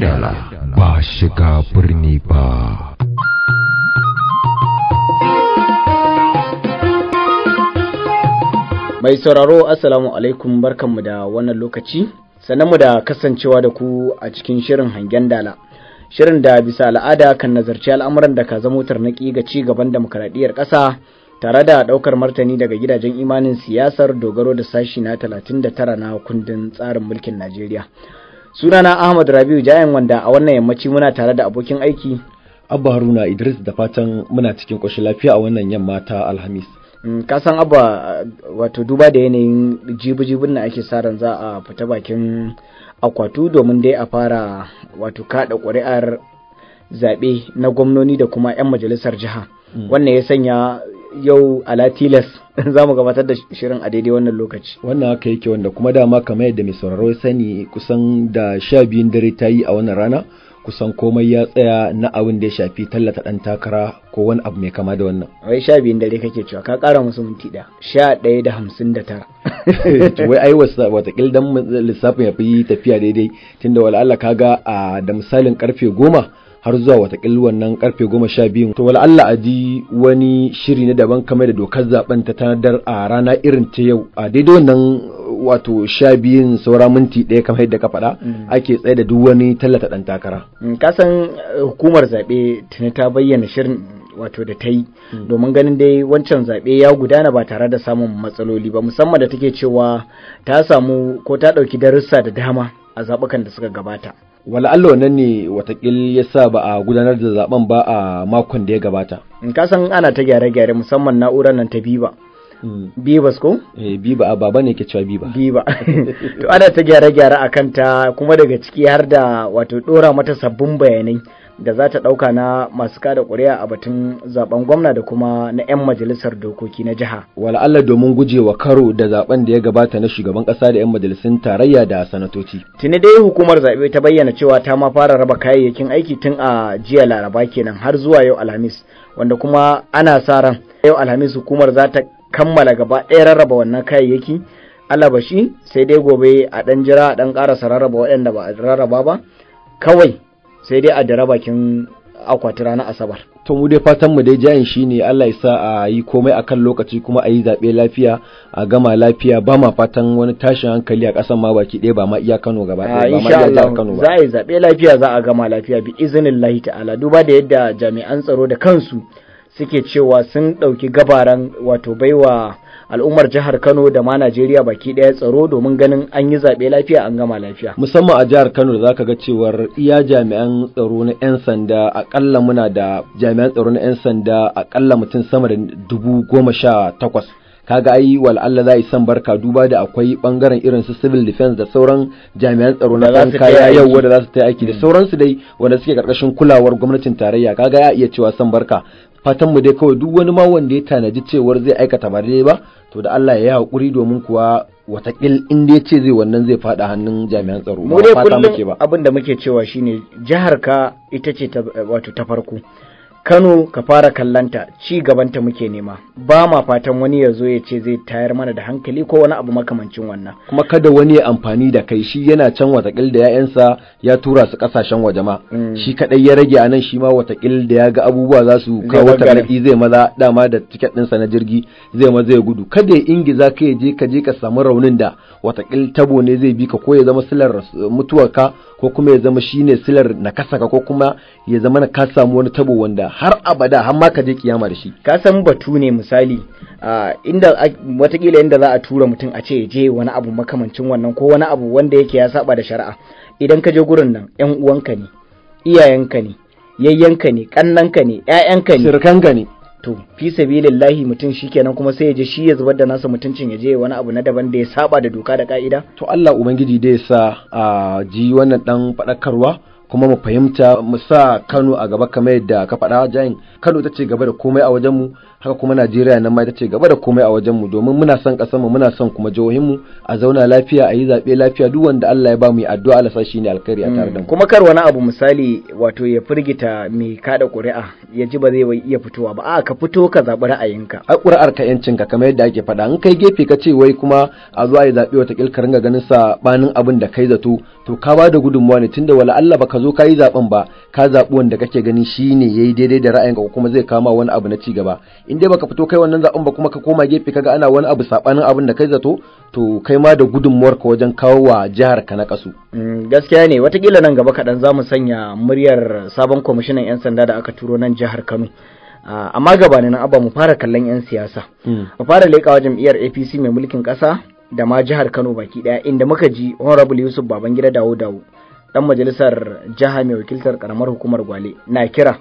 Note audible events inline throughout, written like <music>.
dala ba shiga birni ba. Mai sauraro Assalamu alaikum barkanmu da wannan lokaci, mu da kasancewa da ku a cikin shirin hangen dala. Shirin da bisa al'ada kan nazarci al'amuran da ka zamo tarnaki ga ci gaban demokaradiyyar ƙasa tare da ɗaukar martani daga gidajen imanin siyasar dogaro da sashi na 39 na kundin tsarin mulkin Najeriya. Sunana Ahmad Rabiu Jayan wanda a wannan yammaci muna tare da abokin aiki Abba Haruna Idris da fatan muna cikin ƙoshi lafiya a wannan yamma ta Alhamis. Mm, ka san abba wato duba da yanayin jibu jibin na ake sa ran za a fita bakin akwatu domin dai a fara wato kaɗa ƙuri'ar zaɓe na gwamnoni da kuma 'yan majalisar jiha mm. wannan ya sanya yau ala tilas <laughs> za mu gabatar da shirin a daidai wannan lokaci. Wannan haka yake wanda kuma dama kamar yadda mai sauraro sani kusan da sha biyun dare ta yi a wannan rana kusan komai ya tsaya na abin da ya shafi tallata ɗan takara ko wani abu mai kama da wannan. Wai sha biyun dare kake cewa ka ƙara musu minti ɗaya sha ɗaya da hamsin da tara. <laughs> Wai ai watakil dan lissafin ya fi tafiya daidai tunda wala ka kaga da misalin karfe goma. har zuwa watakil wannan karfe goma sha biyu to a ji wani shiri na daban kamar da dokar zaben ta tanadar a rana irin ta yau a daidai wannan uh, wato sha saura minti ɗaya kamar yadda ka faɗa mm. ake tsaye da duk wani tallata ɗan takara. Mm, kasan uh, hukumar zaɓe tuni ta bayyana shirin wato da ta yi mm. domin ganin dai wancan zaɓe ya gudana ba tare da samun matsaloli ba musamman da take cewa ta samu ko ta ɗauki darussa da dama a zaɓukan da suka gabata. wala Allah wannan ne watakil ya sa ba a gudanar da zaben ba a makon da ya gabata in ka san ana ta gyare-gyare musamman na'urar nan ta biba bibas hmm. ko biba eh, a baba ne ke cewa biba biba <laughs> to ana ta gyare-gyare a kanta kuma daga ciki har da wato dora mata sabbin bayanai da za ta ɗauka na masu kada ƙuri'a a batun zaben gwamna da kuma na 'yan majalisar dokoki na jiha. Wala'alla domin guje wa karo da zaben da ya gabata na shugaban ƙasa da 'yan majalisun tarayya da sanatoci. Tuni dai hukumar zaɓe ta bayyana cewa ta ma fara raba kayayyakin aiki tun a jiya laraba kenan har zuwa yau alhamis wanda kuma ana sa ran yau alhamis hukumar za ta kammala gaba ɗaya rarraba wannan kayayyaki alabashi sai dai gobe a ɗan jira a ɗan ƙara rarraba waɗanda ba a rarraba ba kawai sai dai a dara bakin akwati ranar asabar to mu dai fatan mu dai jayin shine Allah ya sa a yi komai akan lokaci kuma a yi zaɓe lafiya a gama lafiya ba ma fatan wani tashin hankali a ƙasan ma baki ɗaya ba ma iya Kano gaba ɗaya ba ma iya jihar Kano ba za a yi zaɓe lafiya za a gama lafiya bi izinin lahi ta'ala duba da yadda jami'an tsaro da kansu suke cewa sun ɗauki gabaran wato baiwa al'ummar jihar Kano da ma Najeriya baki daya tsaro domin ganin an yi zaɓe lafiya an gama lafiya. Musamman a jihar Kano za ka ga cewar iya jami'an tsaro na 'yan sanda akalla muna da jami'an tsaro na 'yan sanda akalla mutum sama da dubu goma sha takwas. kaga ai wal Allah za yi san barka duba da akwai bangaren irin su civil defense da sauran jami'an tsaro na kan kaya yau wanda za su ta aiki da mm. sauransu dai wanda suke karkashin kulawar gwamnatin tarayya kaga ya iya cewa san barka fatan mu dai kawai duk wani ma wanda ya tanaji cewar zai aikata ba dai ba to da Allah ya yi hakuri domin kuwa watakil in dai ce zai wannan zai fada hannun jami'an tsaro mu dai kullum abin da muke cewa shine jihar ka ita ce wato ta farko Kano ka fara kallanta ci gabanta muke nema ba ma fatan wani ya zo ya ce zai tayar mana da hankali ko wani abu makamancin wannan kuma kada wani ya amfani da kai shi yana can watakil da ya'yansa ya tura su kasashen waje ma mm. shi kadai ya rage anan shi ma watakil da ya ga abubuwa za su kawo tarbi zai maza dama da tiket ɗinsa na jirgi zai maza ya gudu kada ya ingiza ka ya je ka je ka samu raunin da watakil tabo ne zai bi ka ko ya zama silar mutuwarka ko kuma ya zama shine silar na ka ko kuma ya zama ka samu wani tabo wanda har abada har ma ka je kiyama da shi ka san batu ne misali inda watakila inda za a tura mutum a ce je wani abu makamancin wannan ko wani abu wanda yake ya saba da shari'a idan ka je gurin nan yan uwanka ne iyayenka ne yayyanka ne kannanka ne ƴaƴanka ne ka ne to fi sabilillahi mutum shikenan kuma sai ya je shi ya zubar da nasa mutuncin ya je wani abu na daban da ya saba da doka da ka'ida to Allah ubangiji zai sa a ji wannan dan fadakarwa kuma mu fahimta mu sa Kano a gaba kamar yadda ka faɗa jayin Kano ta ce gaba da komai a wajen mu haka kuma Najeriya nan ma ita ce gaba da komai a wajen mu domin muna son ƙasar mu muna son kuma jihohin mu a zauna lafiya a yi zaɓe lafiya duk wanda Allah ya ba mu yi addu'a Allah sashi shi ne alkhairi a tare da mu mm, kuma kar wani abu misali wato ya firgita mai kada ƙuri'a ya ji ba zai iya fitowa ba a ka fito ka zaɓi ra'ayinka a ƙuri'ar ka yancin ka kamar yadda ake faɗa in kai gefe ka ce wai kuma a zuwa yi zaɓe wata ka ga ganin banin abin da kai zato to ka ba da gudunmawa ne tunda wala Allah ba ka zo ka yi zaɓen ba ka zaɓi wanda kake gani shine yayi daidai da ra'ayinka kuma zai kama wani abu na ci gaba in dai baka fito kai wannan zaben ba kuma ka koma gefe kaga ana wani abu sabanin abin da kai zato to kai ma da gudunmuwar ka wajen kawo wa jihar ka na kasu mm, gaskiya ne watakila nan gaba kaɗan za mu sanya muryar sabon kwamishinan 'yan sanda da aka turo nan jihar kano amma gaba nan abba mu fara kallon 'yan siyasa mm. mu fara leƙawa jam'iyyar apc mai mulkin ƙasa da ma jihar kano baki ɗaya inda muka ji honorable yusuf babangida dawo dawo dan majalisar jiha mai wakiltar karamar hukumar gwale na kira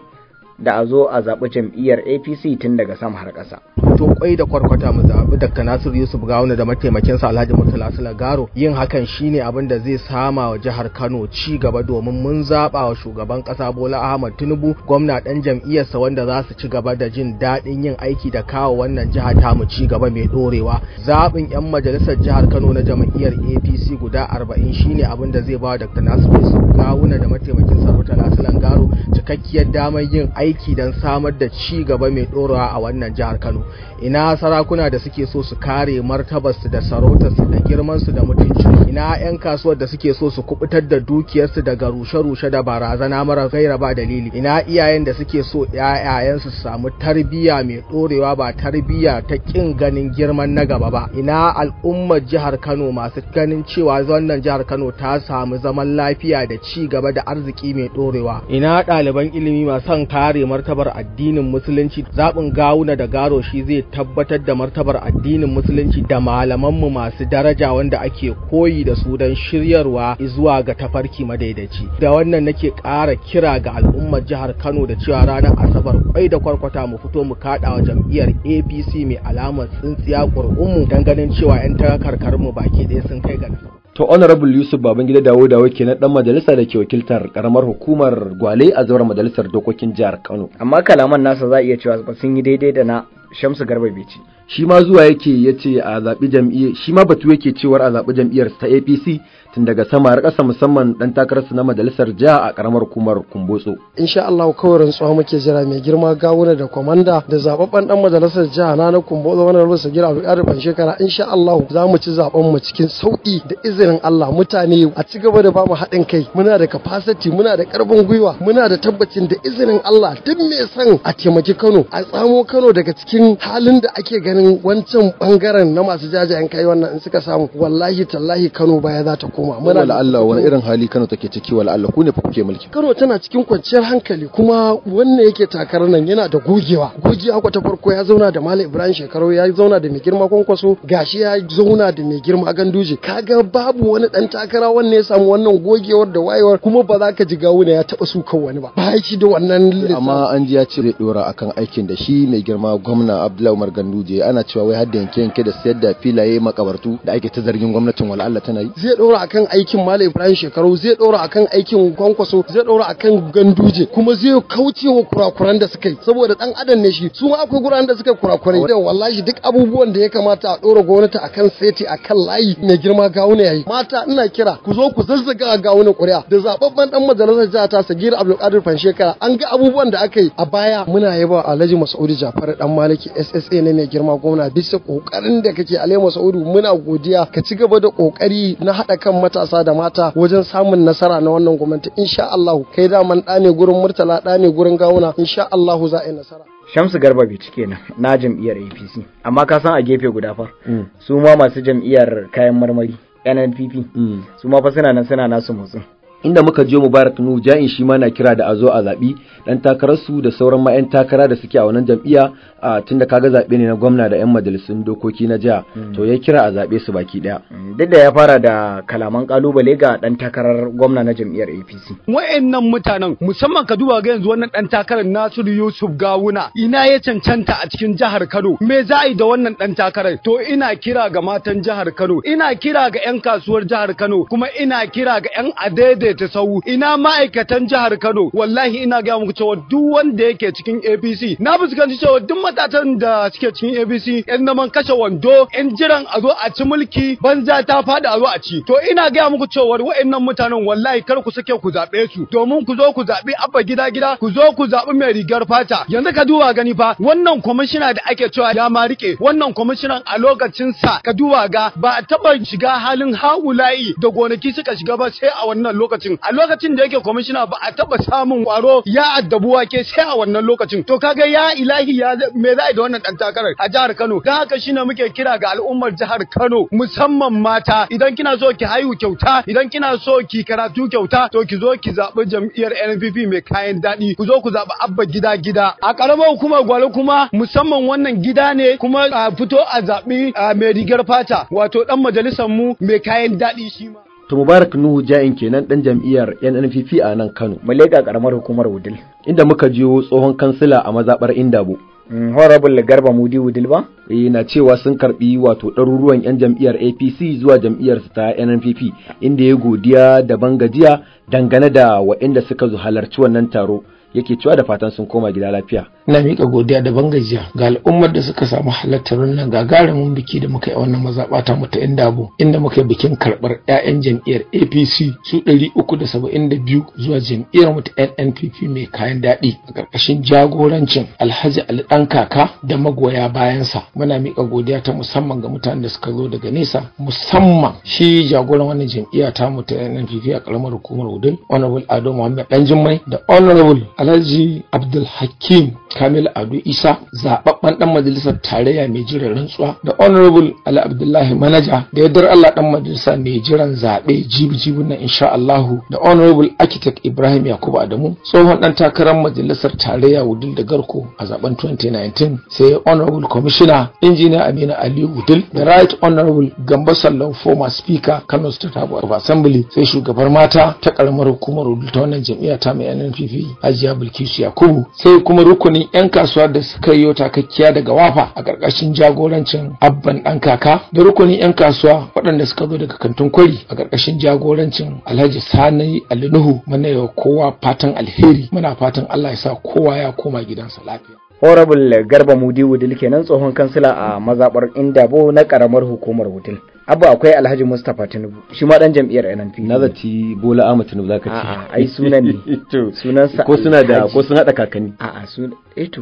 da a zo a zaɓi jam'iyyar apc tun daga sam har ƙasa. to kwai da kwarkwata mu zaɓi dr nasiru yusuf gawuna da mataimakinsa alhaji murtala garo yin hakan shine abin da zai sama wa jihar kano ci gaba domin mun zaɓa wa shugaban ƙasa bola ahmad tinubu gwamna ɗan jam'iyyarsa wanda za su ci gaba da jin daɗin yin aiki da kawo wannan jiha ta mu ci gaba mai ɗorewa zaɓin 'yan majalisar jihar kano na jam'iyyar apc guda arba'in shine abin da zai ba wa dr nasiru yusuf gawuna da mataimakinsa murtala garo cikakkiyar damar yin aiki aiki don samar da ci gaba mai ɗorawa a wannan jihar Kano ina sarakuna da suke so su kare martabarsu da sarautarsu da girmansu da mutunci ina 'yan kasuwar da suke so su kubutar da dukiyarsu daga rushe-rushe da barazana mara gaira ba dalili ina iyayen da suke so 'ya'yayensu su samu tarbiyya mai dorewa ba tarbiyya ta kin ganin girman na gaba ba ina al'ummar jihar Kano masu ganin cewa wannan jihar Kano ta samu zaman lafiya da ci gaba da arziki mai ɗorewa ina ɗaliban ilimi masu son kare martabar addinin musulunci zaɓin gawuna da garo shi zai tabbatar da martabar addinin musulunci da malamanmu masu daraja wanda ake koyi da su don shiryarwa zuwa ga tafarki madaidaici da wannan nake ƙara kira ga al'ummar jihar kano da cewa ranar asabar kwai da kwarkwata mu fito mu kaɗa wa jam'iyyar apc mai alamar tsintsiya ƙur'unmu don ganin cewa 'yan takarkarmu baki ɗaya sun kai ga to honorable yusuf babangida dawo dawo kenan dan majalisa da ke wakiltar karamar hukumar gwale a zauren majalisar dokokin jihar kano amma kalaman nasa za a iya cewa ba sun yi daidai da na shamsu garba bici shi ma zuwa yake ya ce a zaɓi jam'iyyar shi ma batu yake cewar a zaɓi jam'iyyar ta apc tun daga sama har ƙasa musamman dan takararsu na majalisar jiha a karamar kumar kumbotso insha Allah kawai rantsuwa muke jira mai girma gawuna da kwamanda da zababben ɗan majalisar jiha na na kumbotso wannan rusa gira a ban shekara insha Allah za mu ci zaben mu cikin sauƙi da izinin Allah mutane a ci gaba da bamu haɗin kai muna da capacity muna da ƙarfin gwiwa muna da tabbacin da izinin Allah duk mai san a taimaki Kano a tsamo Kano daga cikin halin da ake ganin wancan ɓangaren na masu jajayen kai wannan in suka samu wallahi tallahi Kano baya za ta ko koma muna wala Allah wani irin hali Kano take ciki wala Allah ku ne fa kuke mulki Kano tana cikin kwanciyar hankali kuma wannan yake takarar nan yana da gogewa gogewa ta farko ya zauna da Malam Ibrahim Shekaru ya zauna da mai girma Kwankwaso gashi ya zauna da mai girma Ganduje kaga babu wani dan takara wannan ya samu wannan gogewar da wayewar kuma ba za ka ji gawuna ya taba kan wani ba ba shi da wannan amma an ji ya ce zai dora akan aikin da shi mai girma gwamna Abdullahi Umar Ganduje ana cewa wai hadda yanke yanke da sayar da filaye makabartu da ake ta zargin gwamnatin wala Allah tana yi zai dora akan aikin Malam Ibrahim Shekaru zai ɗora akan aikin Kwankwaso zai ɗora akan Ganduje kuma zai kaucewa kurakuran da suka yi saboda dan adam ne shi su ma akwai guraren da suka kurakurai da wallahi duk abubuwan da ya kamata a ɗora gwamnati akan seti akan layi mai girma gawuna yayi mata ina kira ku zo ku zazzaga gauna ƙuri'a da zababban dan majalisar jiha ta Sagir Abdulkadir Fanshekara an ga abubuwan da aka yi a baya muna yaba Alhaji Masaudi Jafar dan Maliki SSA ne mai girma gwamna bisa kokarin da kake Alhaji Masaudi muna godiya ka ci gaba da kokari na haɗa kan matasa da mata wajen samun nasara na wannan gwamnati insha Allah kai da ɗa ne gurin murtala dane gurin gawuna insha Allah za a yi nasara Shamsu Garba bai cike na na jam'iyyar APC amma ka san a gefe guda fa mm. su ma masu jam'iyyar kayan marmari NNPP mm. su ma fa suna nan suna nasu motsin inda muka je Mubarak Nu Ja'in shi ma na kira da azo a zaɓi ɗan takararsu da sauran ma'yan takara da suke a wannan jam'iyya a tunda kaga zaɓe ne na gwamna da 'yan majalisun dokoki na jiha hmm. to ya kira a zaɓe su baki ɗaya. Hmm, duk da ya fara da kalaman kalubale ga ɗan takarar gwamna na jam'iyyar APC. Wa'annan mutanen musamman ka duba ga yanzu wannan ɗan takarar Nasiru Yusuf Gawuna ina ya cancanta a cikin jihar Kano me za a yi da wannan ɗan takarar to ina kira ga matan jihar Kano ina kira ga 'yan kasuwar jihar Kano kuma ina kira ga 'yan adaidaita sau ina ma'aikatan jihar Kano wallahi ina gaya muku cewa duk wanda yake cikin APC na fuskanci cewa duk matatan da suke cikin abc yan zaman kashe wando yan jiran a zo a ci mulki banza ta faɗi a zo a ci to ina gaya muku cewa wa'annan mutanen wallahi kar ku sake ku zaɓe su domin ku zo ku zaɓi abba gida gida ku zo ku zaɓi mai rigar fata yanzu ka duba gani fa wannan kwamishina da ake cewa ya ma rike wannan kwamishinan a lokacin sa ka duba ga ba a taɓa shiga halin hawulayi da gonaki suka shiga ba sai a wannan lokacin a lokacin da yake kwamishina ba a taɓa samun kwaro ya addabu wake sai a wannan lokacin to kaga ya ilahi ya me za a yi da wannan dan takarar a jihar Kano dan haka shine muke kira ga al'ummar jihar Kano musamman mata idan kina so ki haihu kyauta idan kina so ki karatu kyauta to ki zo ki zabi jam'iyyar NPP mai kayan daɗi ku zo ku zabi abba gida gida a karamar hukumar gwale kuma musamman wannan gida ne kuma a fito a zabi mai rigar fata wato ɗan majalisar mu mai kayan daɗi shi ma. to mubarak nuhu ja'in kenan dan jam'iyyar nnpp a nan kano mallaka karamar hukumar wudil inda muka jiyo tsohon kansila a mazaɓar indabo Mm, Horrible Garba Mudi Wudilba eh, na cewa sun karbi wato ɗaruruwan 'yan jam'iyyar APC zuwa jam'iyyar ta NNPP inda ya godiya da gajiya dangane da waɗanda suka halarci wannan taro. yake cewa da fatan sun koma gida lafiya. Ina miƙa godiya da ban gajiya, ga al'ummar da suka samu halartar wannan gagarumin biki da muka yi wannan mazaɓata mu ta Indabo inda muka yi bikin karɓar 'ya'yan jam'iyyar APC su ɗari uku da saba'in da biyu zuwa jam'iyyar mu ta NNPP mai kayan daɗi a ƙarƙashin jagorancin Alhaji Ali ɗan kaka da magoya bayansa. Muna miƙa godiya ta musamman ga mutanen da suka zo daga nesa musamman shi jagoran wannan jam'iyya ta mu ta NNPP a ƙaramar hukumar Wudin Honorable Ado Muhammad Ɗanjimai da Honorable alhaji abdulhakim kamil ado isa zaɓaɓɓen dan majalisar tarayya mai jiran rantsuwa da honorable ali abdullahi manaja da yardar allah dan majalisa mai jiran zaɓe jibi-jibin na insha allahu da honorable architect ibrahim yakubu adamu tsohon dan takarar majalisar tarayya wudil da garko a zaben 2019 sai honorable commissioner engineer amina aliyu wudil da right honorable gamba sallau former speaker kano state of assembly sai shugabar mata ta karamar hukumar wudil ta wannan jam'iyya ta mai nnpp hajiya hajiya bilkisu yakubu sai kuma rukunin 'yan kasuwa da suka yi takakkiya daga wafa a ƙarƙashin jagorancin abban ɗan kaka da rukunin 'yan kasuwa waɗanda suka zo daga kantin kwari a ƙarƙashin jagorancin alhaji sani alinuhu muna yi kowa fatan alheri muna fatan allah ya sa kowa ya koma gidansa lafiya horrible garba mudi wudil kenan tsohon kansila a mazaɓar indabo na ƙaramar hukumar wudil abu akwai alhaji mustapha tinubu shi ma dan jam'iyyar nnp na ci bola ahmad tinubu zaka ce a'a ai sunan ne <laughs> sunan sa ko suna da ko sun hada kakanni a sun eh to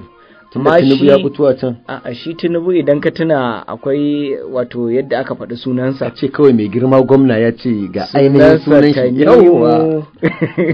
amma tinubu ya fito a can a shi tinubu idan ka tuna akwai wato yadda aka faɗi sunansa a ce kawai mai girma gwamna ya ce ga ainihin sunan shi yawa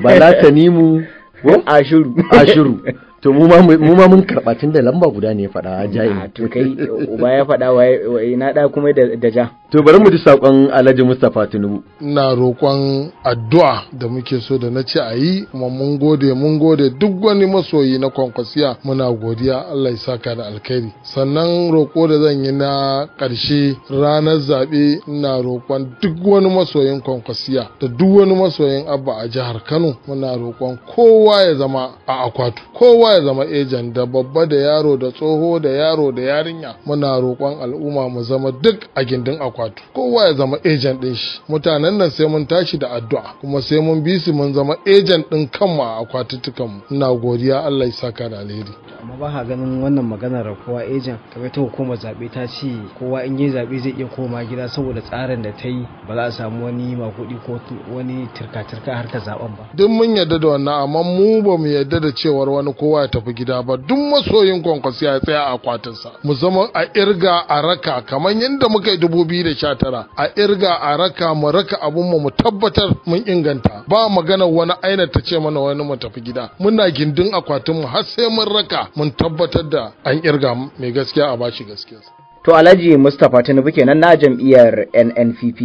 bala tanimu <laughs> ashiru ashiru <laughs> to mu ma mun karɓa tun da lamba guda ne ya ah, jayi to kai uba ya faɗa wai na da kuma da ja to bari mu ji sakon Alhaji Mustapha Tinubu ina roƙon addu'a da muke so da nace a yi kuma mun gode mun gode duk wani masoyi na kwankwasiya muna godiya Allah ya saka da alkhairi sannan roƙo da zan yi na ƙarshe ranar zaɓe ina roƙon duk wani masoyin kwankwasiya da duk wani masoyin abba a jihar Kano muna roƙon kowa ya zama a akwatu kowa kowa ya zama ejan da babba da yaro da tsoho da yaro da yarinya muna roƙon al'umma mu zama duk a gindin akwatu kowa ya zama ejan din shi mutanen nan sai mun tashi da addu'a kuma sai mun bi su mun zama ejan din kanmu a akwatuttukan mu ina godiya Allah ya saka da alheri amma ba ha ganin wannan maganar kowa ejan kamar ta hukumar zabe ta ce kowa in yi zabe zai iya koma gida saboda tsarin da ta yi ba za a samu wani makudi ko wani tirka-tirka harkar zaben ba duk mun yarda da wannan amma mu ba mu yarda da cewar wani kowa ya tafi gida ba duk masoyin kwankwasi ya tsaya a kwatinsa mu zama a irga a raka kamar yadda muka yi dubu biyu da sha tara a irga a raka mu raka abun mu tabbatar mun inganta ba magana wani aina ta ce mana wani mu tafi gida muna gindin akwatin mu har sai mun raka mun tabbatar da an irga mai gaskiya a bashi gaskiya to alhaji mustapha tinubu kenan na jam'iyyar nnpp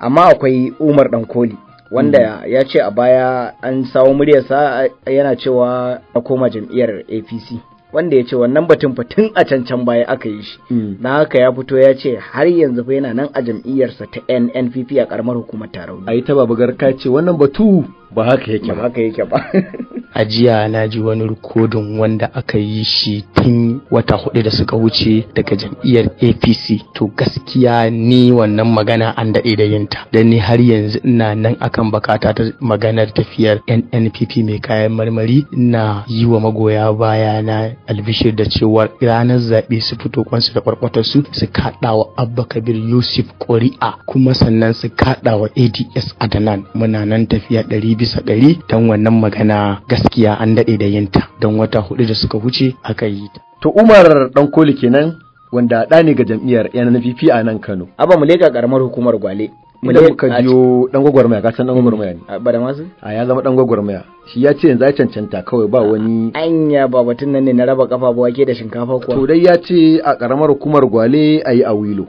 amma akwai umar dankoli wanda hmm. ya ce a baya an sawo muryarsa yana cewa a koma jam'iyyar apc wanda ya ce wannan batun fa tun a cancan baya aka yi shi mm. na haka ya fito ya ce har yanzu fa yana nan a jam'iyyarsa ta NNPP a karamar hukumar Tarauni ai ta babagar ka ce wannan batu ba haka yake ba haka yake ba <laughs> a jiya na ji wani rikodin wanda aka yi shi tun wata hudu da suka wuce daga jam'iyyar APC to gaskiya ni wannan magana an daɗe da yinta dan ni har yanzu ina nan akan bakata ta maganar tafiyar NNPP mai kayan marmari ina yi wa magoya baya na albishir da cewar ranar zaɓe su fito kwansu da kwarkwatar su su kaɗa wa abba kabir yusuf ƙuri'a kuma sannan su kaɗa wa ads adnan muna nan tafiya ɗari bisa ɗari don wannan magana gaskiya an daɗe da yinta don wata huɗu da suka wuce aka yi ta. to umar ɗan koli kenan wanda ɗa ne ga jam'iyyar NNPP a nan Kano. Aba mu leƙa ƙaramar hukumar Gwale. idan muka biyo dan gwagwarmaya ga san dan gwagwarmaya ne ba da masu a ya zama dan gwagwarmaya shi ya ce yanzu ya cancanta kawai ba wani anya ba batun nan ne na raba kafa ba wake da shinkafa kuwa to dai ya ce a karamar hukumar gwale ayi a wilo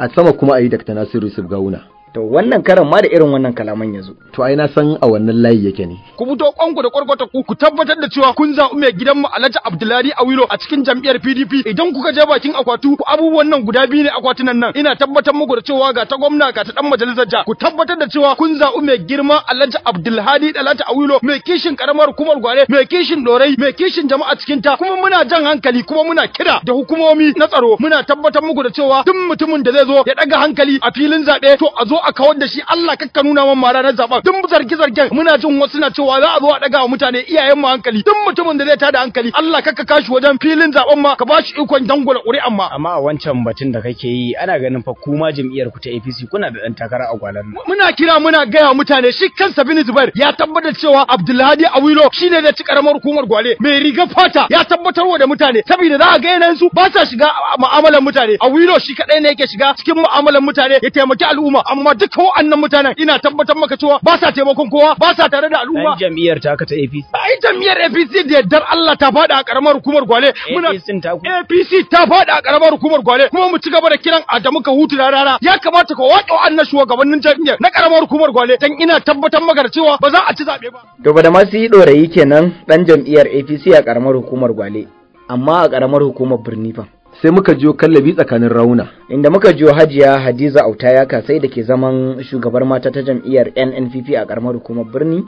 a sama kuma a yi dakta Nasiru Yusuf Gawuna to wannan karan ma da irin wannan kalaman ya To ai na san a wannan layi yake ne. Ku fito kwanku da kwarkwata ku ku tabbatar da cewa kun zaɓi mai gidanmu Alhaji Abdullahi Awilo a cikin jam'iyyar PDP idan kuka je bakin akwatu ku abubuwan nan guda biyu ne akwatunan nan ina tabbatar muku da cewa ga ta gwamna ga ta dan majalisar ja ku tabbatar da cewa kun zaɓi mai girma Alhaji Abdullahi Alhaji Awilo mai kishin karamar hukumar gware mai kishin dorai mai kishin jama'a cikin ta kuma muna jan hankali kuma muna kira da hukumomi na tsaro muna tabbatar muku da cewa duk mutumin da zai zo ya daga hankali a filin zaɓe to a zo a kawar da shi Allah kakka nuna man mara na zaben duk zargi zargen muna jin wasu na cewa za a zo a daga wa mutane iyayen mu hankali duk mutumin da zai tada hankali Allah kakka kashi wajen filin zaben ma ka bashi ikon dangula ƙuri'an ma amma a wancan batun da kake yi ana ganin fa kuma jam'iyyar ku ta APC kuna da dan takara a gwalan muna kira muna gaya mutane shi kansa Bini Zubair ya tabbatar cewa Abdulhadi Awilo shine da ci karamar hukumar gwale mai riga fata ya tabbatar wa da mutane saboda za a ga yanayin su ba sa shiga mu'amalar mutane Awilo shi kadai ne yake shiga cikin mu'amalar mutane ya taimaki al'umma amma cewa duka wa'annan mutanen ina tabbatar maka cewa ba sa taimakon kowa ba sa tare da al'umma. Ɗan jam'iyyar ta ta APC. Ai jam'iyyar APC da yardar Allah ta faɗi a ƙaramar hukumar Gwale. Muna APC ta faɗi a ƙaramar hukumar Gwale kuma mu ci gaba da kiran Adamu muka hutu da rana. Ya kamata ka waƙe wa'annan shugabannin jam'iyyar na ƙaramar hukumar Gwale dan ina tabbatar maka da cewa ba za a ci zaɓe ba. To ba da masu yi ɗorayi kenan ɗan jam'iyyar APC a ƙaramar hukumar Gwale amma a ƙaramar hukumar birni fa. sai muka jiyo kallabi tsakanin rauna inda muka jiyo hajiya hadiza Auta ka sai da ke zaman shugabar mata ta jam'iyyar nnpp a karamar hukumar birni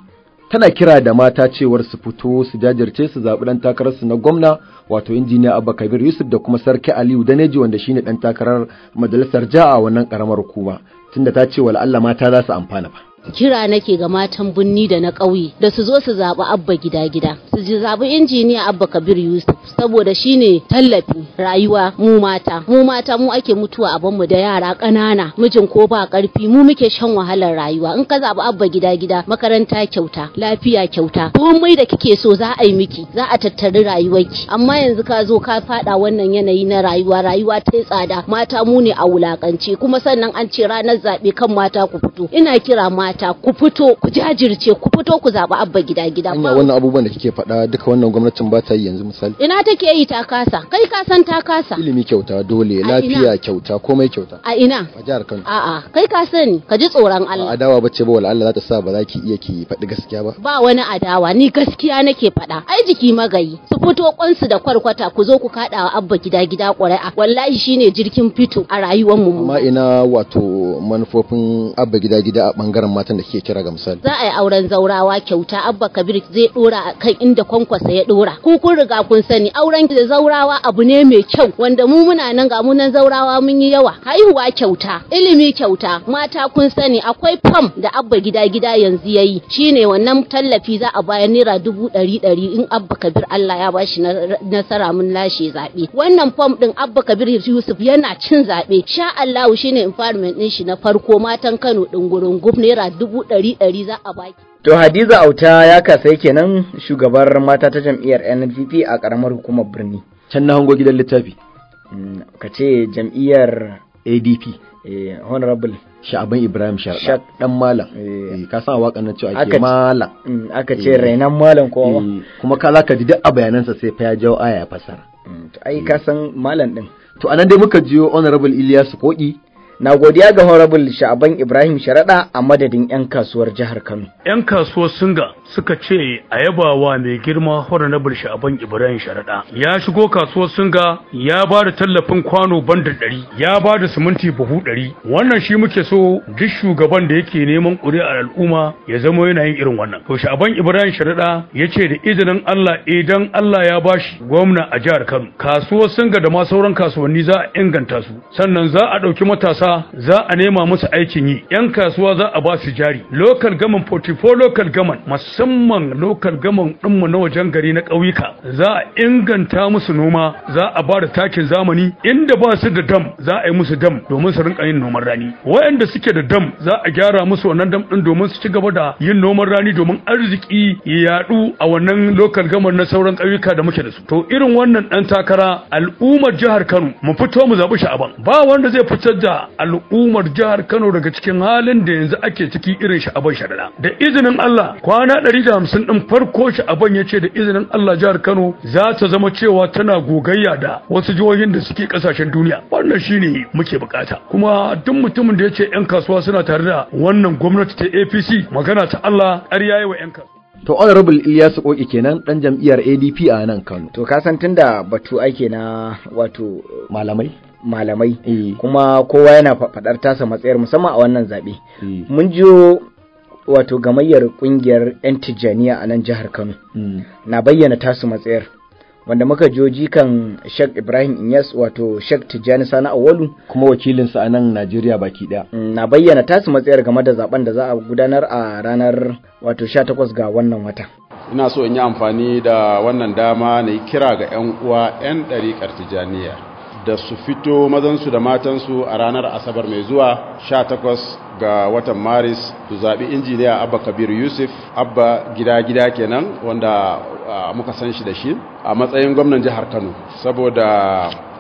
tana kira da mata cewar su fito su jajirce su zaɓi ɗan takararsu na gwamna wato injiniya abba kabir yusuf da kuma sarki aliyu daneji wanda shine ɗan takarar majalisar ja'a wannan karamar hukuma tunda ta ce Wala'alla mata za su amfana ba kira nake ga matan binni da na ƙauye da su zo su zaɓi abba gida gida su ji zaɓi injiniya abba kabir yusuf saboda shine tallafi rayuwa mu mata mu mata mu ake mutuwa a banmu da yara ƙanana mijin ko ba ƙarfi mu muke shan wahalar rayuwa in ka zaɓi abba gida gida makaranta kyauta lafiya kyauta komai da kike so za a yi miki za a tattari rayuwarki amma yanzu ka zo ka faɗa wannan yanayi na rayuwa rayuwa ta tsada mata mu ne a wulakance kuma sannan an ce ranar zaɓe kan mata ku fito ina kira mata matata ku fito ku jajirce ku fito ku zaɓi abba gida gida anya wannan abubuwan da kike faɗa duka wannan gwamnatin ba ta yi yanzu misali ina take yi ta kasa kai ka san ta kasa ilimi kyauta dole lafiya kyauta komai kyauta a ina a jihar Kano a'a kai ka sani ka ji tsoron Allah adawa bace ba wala Allah za ta sa ba za ki iya ki faɗi gaskiya ba ba wani adawa ni gaskiya nake faɗa ai jiki magayi su fito kwansu da kwarkwata ku zo ku kaɗawa wa abba gida gida ƙuri'a wallahi shine jirkin fito a rayuwar mu amma ina wato manufofin abba gida gida a bangaren ma matan da kira ga za a yi auren zaurawa kyauta abba kabir zai dora kan inda kwankwasa ya dora ku kun riga kun sani auren da zaurawa abu ne mai kyau wanda mu muna nan ga munan zaurawa mun yi yawa haihuwa kyauta ilimi kyauta mata kun sani akwai fam da abba gida gida yanzu yayi shine wannan tallafi za a bayar naira dubu ɗari ɗari in abba kabir Allah ya bashi nasara mun lashe zaɓe wannan fam ɗin abba kabir yusuf yana cin zaɓe sha allahu shine environment din shi na farko matan Kano din gurin gub naira dubu ɗari ɗari za a baki. To Hadiza Auta ya kasai kenan shugabar mata ta jam'iyyar NPP a ƙaramar hukumar birni. Can na hango gidan littafi. Mm, ka ce jam'iyyar ADP. Eh, Honorable. Sha'aban Ibrahim Sharɗa. Ɗan Malam. Eh. Eh, ka sa waƙa na cewa ake Malam. Aka ce mm, rainan Malam kowa. Kuma ka za ka ji duk a bayanansa sai fa ya jawo aya ya fasara. Mm, ai ka san Malam ɗin. To anan dai muka jiyo Honorable Ilyasu Koki. na godiya ga honorable sha'aban ibrahim sharaɗa a madadin 'yan kasuwar jihar kano 'yan kasuwar singa suka ce a yabawa mai girma a sha'aban ibrahim sharaɗa ya shigo kasuwar singa ya ba da tallafin kwano banda ɗari ya ba da siminti buhu ɗari wannan shi muke so duk shugaban da yake neman ƙuri'ar al'umma ya zama yana yin irin wannan to sha'aban ibrahim sharaɗa ya ce da izinin allah idan allah ya bashi gwamna a jihar kano kasuwar singa da ma sauran kasuwanni za a inganta su sannan za a ɗauki matasa za a nema musu aikin yi 'yan kasuwa za a ba su jari local gaman 44 local gaman masu musamman lokal gaman ɗinmu na wajen gari na ƙauyuka za a inganta musu noma za a ba da takin zamani inda ba su da dam za a yi musu dam domin su rinka yin noman rani waɗanda suke da dam za a gyara musu wannan dam ɗin domin su ci gaba da yin noman rani domin arziki ya yaɗu a wannan lokal gaman na sauran ƙauyuka da muke da su to irin wannan ɗan takara al'ummar jihar Kano mu fito mu zaɓi sha'aban ba wanda zai fitar da al'ummar jihar Kano daga cikin halin da yanzu ake ciki irin sha'aban shadada da izinin Allah kwana ɗari da hamsin ɗin farko shi ban ya ce da izinin Allah jihar Kano za ta zama cewa tana gogayya da wasu jihohin da suke kasashen duniya wannan shine muke bukata kuma duk mutumin da ya ce 'yan kasuwa suna tare da wannan gwamnati ta APC magana ta Allah ƙarya yi wa 'yan kasuwa. To Honorable Ilyasu Koki kenan dan jam'iyyar ADP a nan Kano. To ka san tunda batu ake na wato malamai malamai eh. kuma kowa yana faɗar tasa matsayar musamman a wannan zaɓe. Eh. Mun jiyo wato gamayyar kungiyar 'yan tijjaniya a nan jihar kano hmm. na bayyana tasu matsayar wanda muka joji kan Sheikh Ibrahim Inyas wato Sheikh Tijjani Sani Awalu kuma wakilinsa a nan Najeriya baki daya. Hmm, na bayyana tasu matsayar game da zaben da za a gudanar a ranar wato 18 ga wannan wata. Ina so in yi amfani da wannan dama na yi kira ga 'yan uwa 'yan ɗariƙar Tijjaniya da su fito mazansu da matansu a ranar asabar mai zuwa 18 ga watan maris su zaɓi injiniya abba kabir yusuf abba gida-gida kenan wanda ah, muka san shi da shi a matsayin gwamnan jihar kano saboda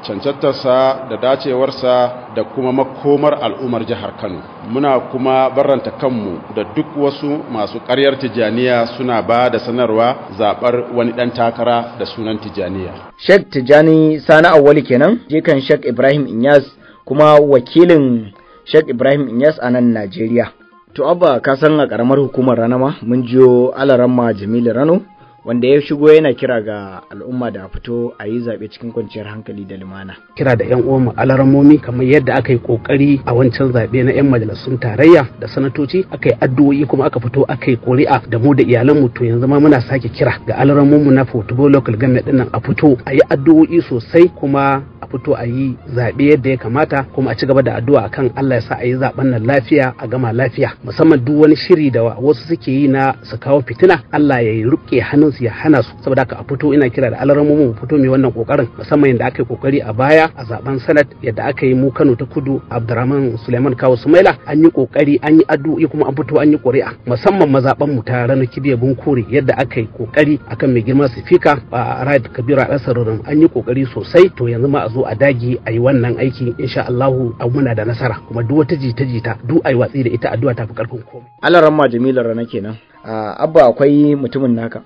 cancantarsa da dacewarsa da kuma makomar al'ummar jihar Kano. Muna kuma barranta kanmu da duk wasu masu karyar Tijaniya suna ba da sanarwa zaɓar wani ɗan takara da sunan Tijaniya. Sheikh Tijjani Sani Awali kenan, jikan Sheikh Ibrahim Inyas kuma wakilin Sheikh Ibrahim Inyas a nan Najeriya. To abba ka san a ƙaramar hukumar Ranama mun jiyo Alaramma Jamilu Rano wanda ya shigo yana kira ga al'umma da a fito a yi zaɓe cikin kwanciyar hankali da limana. Kira da 'yan uwanmu alaramomi kamar yadda aka yi ƙoƙari a wancan zaɓe na 'yan majalisun tarayya da sanatoci aka yi addu'o'i kuma aka fito aka yi ƙuri'a da mu da iyalanmu to yanzu ma muna sake kira ga alarammomu na Fotubo Local Government ɗin a fito a yi addu'o'i sosai kuma a fito a yi zaɓe yadda ya kamata kuma a ci gaba da addu'a akan Allah ya sa a yi zaɓen nan lafiya a gama lafiya musamman duk wani shiri da wasu suke yi na su kawo fitina Allah ya ruke hannunsu ya hana su saboda haka a fito ina kira da alarmu mu fito mai wannan kokarin musamman yadda aka yi kokari a baya a zaben sanat yadda aka yi mu Kano ta Kudu Abdurrahman Suleiman Kawo Sumaila an yi kokari an yi addu'o'i kuma an fito an yi ƙuri'a musamman maza ban mu ta ranar kibiya bunkuri yadda aka yi kokari akan mai girma sifika a Raid Kabiru a ƙasar an yi kokari sosai to yanzu ma a zo a dage a yi wannan aiki insha Allahu a muna da nasara kuma duk wata jita jita duk ai watsi da ita addu'a fi karfin komai Allah ma jamilar rana kenan abba akwai mutumin naka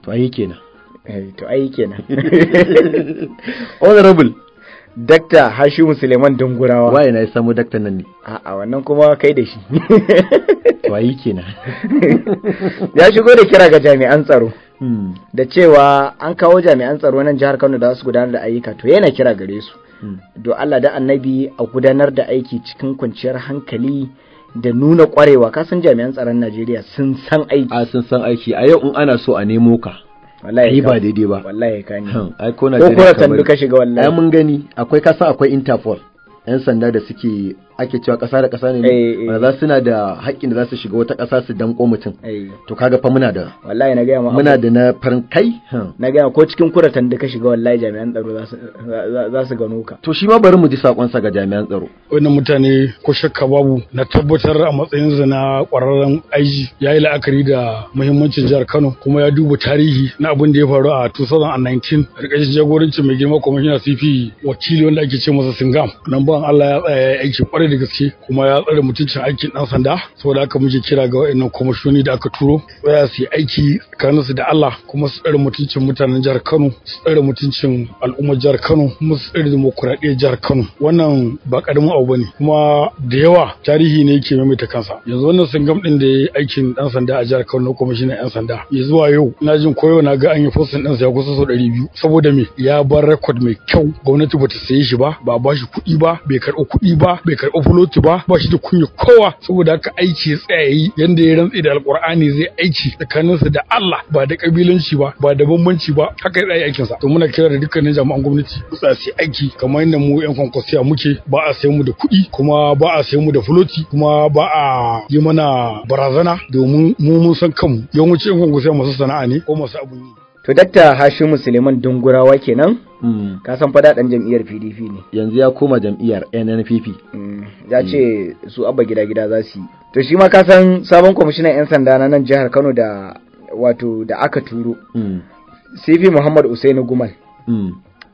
to ai kenan eh, to ai kenan <laughs> honorable Dakta Hashimu Suleiman Dungurawa. Waye na samu dakta nan ne? A'a wannan kuma kai da shi. Wayi kenan. <laughs> Ya shigo da kira ga jami'an tsaro. Hmm. da cewa an kawo jami'an tsaro nan jihar Kano da su gudanar da ayyuka to yana kira gare su hmm. do Allah da annabi a gudanar da aiki cikin kwanciyar hankali da nuna kwarewa kasan jami'an tsaron Najeriya sun san aiki a sun san aiki a yau in ana so a nemo ka wallahi ba daidai ba wallahi ka ne hmm. ai ko Najeriya ko ka shiga wallahi mun gani akwai kasan akwai Interpol yan sanda da suke ake cewa ƙasa da ƙasa ne ba eh, eh. za suna da haƙƙin da za su shiga wata ƙasa su danko mutum eh. to kaga fa muna da wallahi na gaya ma muna da na farin kai na gaya ko cikin kuratan da ka shiga wallahi jami'an tsaro za su gano ka to shi ma bari mu ji sakon sa ga jami'an tsaro wannan mutane ko shakka babu na tabbatar a matsayin sa na ƙwararren ya yi la'akari da muhimmancin jihar Kano kuma ya duba tarihi na abin da ya faru a 2019 rikashin jagorancin mai girma kwamishina CP e, wakili wanda ake ce masa Singam nan ban Allah ya tsaya ya aiki kwarai da gaske kuma ya tsare mutuncin aikin ɗan sanda saboda haka muke kira ga waɗannan kwamishoni da aka turo tsaya su yi aiki tsakaninsu da Allah kuma su tsare mutuncin mutanen jihar Kano su tsare mutuncin al'ummar jihar Kano kuma su tsare demokuraɗiyyar jihar Kano wannan ba ƙaramin abu bane kuma da yawa tarihi ne yake maimaita kansa yanzu wannan singam ɗin da ya yi aikin ɗan sanda a jihar Kano na kwamishinan 'yan sanda ya zuwa yau na jin koyo na ga an yi fosin sa ya kusa sau ɗari biyu saboda me ya bar rekod mai kyau gwamnati bata saye shi ba ba ba shi kuɗi ba bai karɓi kuɗi ba bai karɓi ofuloti ba ba shi da kunya kowa saboda haka aiki ya yi yanda ya rantsi da alkur'ani zai aiki tsakaninsa da Allah ba da kabilanci ba ba da bambanci ba haka ya aikin aikinsa to muna kira da dukkanin jami'an gwamnati su tsaya aiki kamar yadda mu yan kwankwasiya muke ba a sayan mu da kuɗi kuma ba a sayan mu da fuloti kuma ba a yi mana barazana domin mu mun san kanmu yawanci yan kwankwasiya masu sana'a ne ko masu abun yi To datta Hashimu musulman Dungurawa kenan? Hmm. Ka san fada dan jam'iyyar PDP ne. Yanzu ya koma jam'iyyar NNPP. Hmm. Ya ce hmm. su abba gida gida za su yi. To shi ma ka san sabon kwamishinan 'yan sanda na nan jihar Kano da wato da aka turo. Sifi Muhammad Usainu Gumal.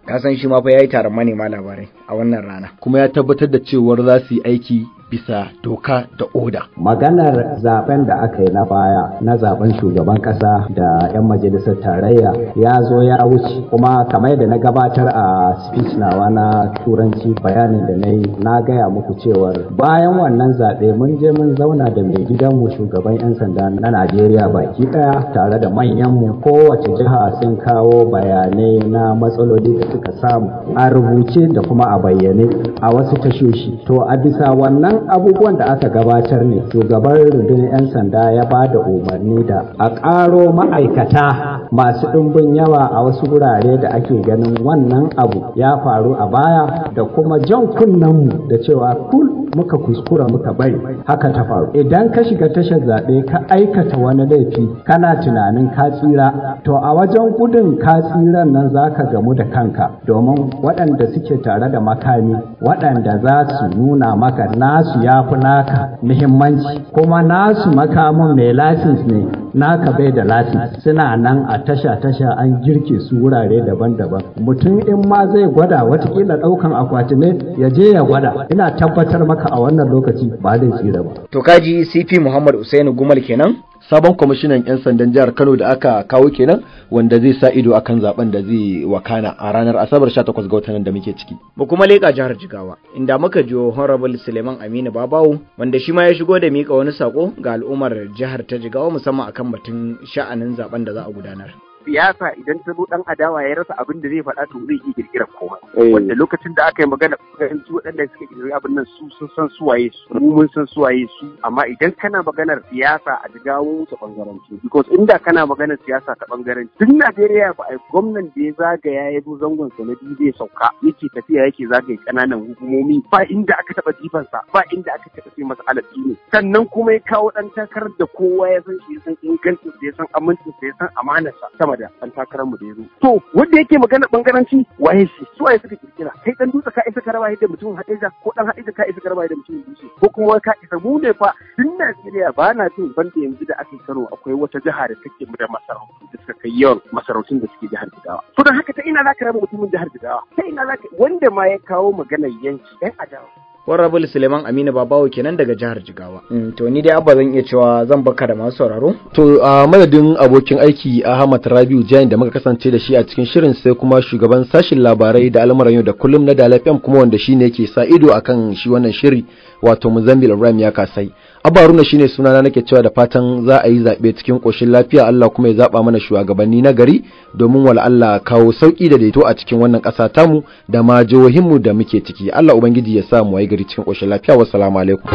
Ka san shi ma fa yayi taron manema labarai a wannan rana. Kuma ya tabbatar da cewar za su yi aiki bisa doka da oda. Maganar zaben da aka yi na baya na zaben shugaban kasa da 'yan majalisar tarayya ya zo ya wuce kuma kamar da na gabatar a speech nawa na turanci bayanin da na yi na gaya muku cewar bayan wannan zaɓe mun je mun zauna da mai gidanmu shugaban 'yan sanda na Najeriya baki ɗaya tare da manyanmu kowace jiha sun kawo bayanai na matsaloli da suka samu a rubuce da kuma a bayyane a wasu tashoshi to a bisa wannan bayan abubuwan da aka gabatar ne shugaban rundunar 'yan sanda ya ba da umarni da a ƙaro ma'aikata masu ɗumbin yawa a wasu wurare da ake ganin wannan abu ya faru a baya da kuma jan kunnenmu da cewa kul muka kuskura muka bari haka ta faru idan ka shiga tashar zaɓe ka aikata wani laifi kana tunanin ka tsira to a wajen gudun ka tsiran nan zaka gamu da kanka domin waɗanda suke tare da makami waɗanda za su nuna maka nasu ya fi naka muhimmanci kuma nasu makamin mai lasis ne naka bai da lati suna nan a tasha-tasha an girke su wurare daban-daban mutum in ma zai gwada watakila ɗaukan akwati ne ya je ya gwada ina tabbatar maka a wannan lokaci ba zai tsira ba to kaji cp muhammad usainu gumal kenan sabon kwamishinan 'yan sandan jihar kano da aka kawo kenan wanda zai sa ido akan zaben da zai wakana a ranar asabar 18 ga watan da muke ciki mu kuma leka jihar jigawa inda muka jiwo honorable suleiman aminu babawo wanda shi ma ya shigo da mika wani sako ga al'ummar jihar ta jigawa musamman akan batun sha'anin zaben da za a gudanar siyasa idan ta zo dan adawa ya rasa abin da zai faɗa to zai iya girgira kowa eh. wanda lokacin da aka yi magana su waɗanda suka kirkiri abin nan su sun san suwaye su mu mun san suwaye su amma idan kana maganar siyasa a gawo ta bangaranci because inda kana maganar siyasa ta su. duk Najeriya ba a gwamnan da ya zagaya ya zo zangon sa na biyu zai sauka yake tafiya yake zagaye kananan hukumomi ba inda aka taɓa jifansa ba inda aka taɓa sai masa alaƙi ne sannan kuma ya kawo ɗan takarar da kowa ya san shi ya san ingancin ya san amincin ya san amanarsa sama da an takarar mu da yaro. to wanda yake magana bangaranci waye shi su waye suka kirkira kai dan dutse ka isa karawa yadda mutum haɗeja ko dan haɗeja ka isa karawa yadda mutum dutse ko kuma ka isa mu ne fa tun Najeriya ba na jin da yanzu da aka Kano akwai wata jaha da take da masarautu da suka kai yawan masarautun da suke jihar Jigawa to dan haka ta ina za ka raba mutumin jihar Jigawa ta ina za ka wanda ma ya kawo maganar yanki dan adawa warrabul suleiman aminu babawo kenan daga jihar jigawa mm, to ni dai abba zan iya cewa zan baka da masu sauraro to a madadin abokin aiki ahmad rabiu jain da muka kasance da shi a cikin shirin sai kuma shugaban sashin labarai da al'amuran yau da kullum na dalafiyam kuma wanda shine ke sa ido akan shi wannan shiri wato muzambil ibrahim ya kasai haruna shine sunana nake cewa da fatan za a yi zaɓe cikin ƙoshin lafiya Allah kuma ya zaɓa mana shugabanni na gari domin wala Allah kawo sauƙi da daito a cikin wannan ƙasa tamu da ma jihohinmu da muke ciki Allah ubangiji ya sa mu wayi gari cikin ƙoshin lafiya wassalamu alaikum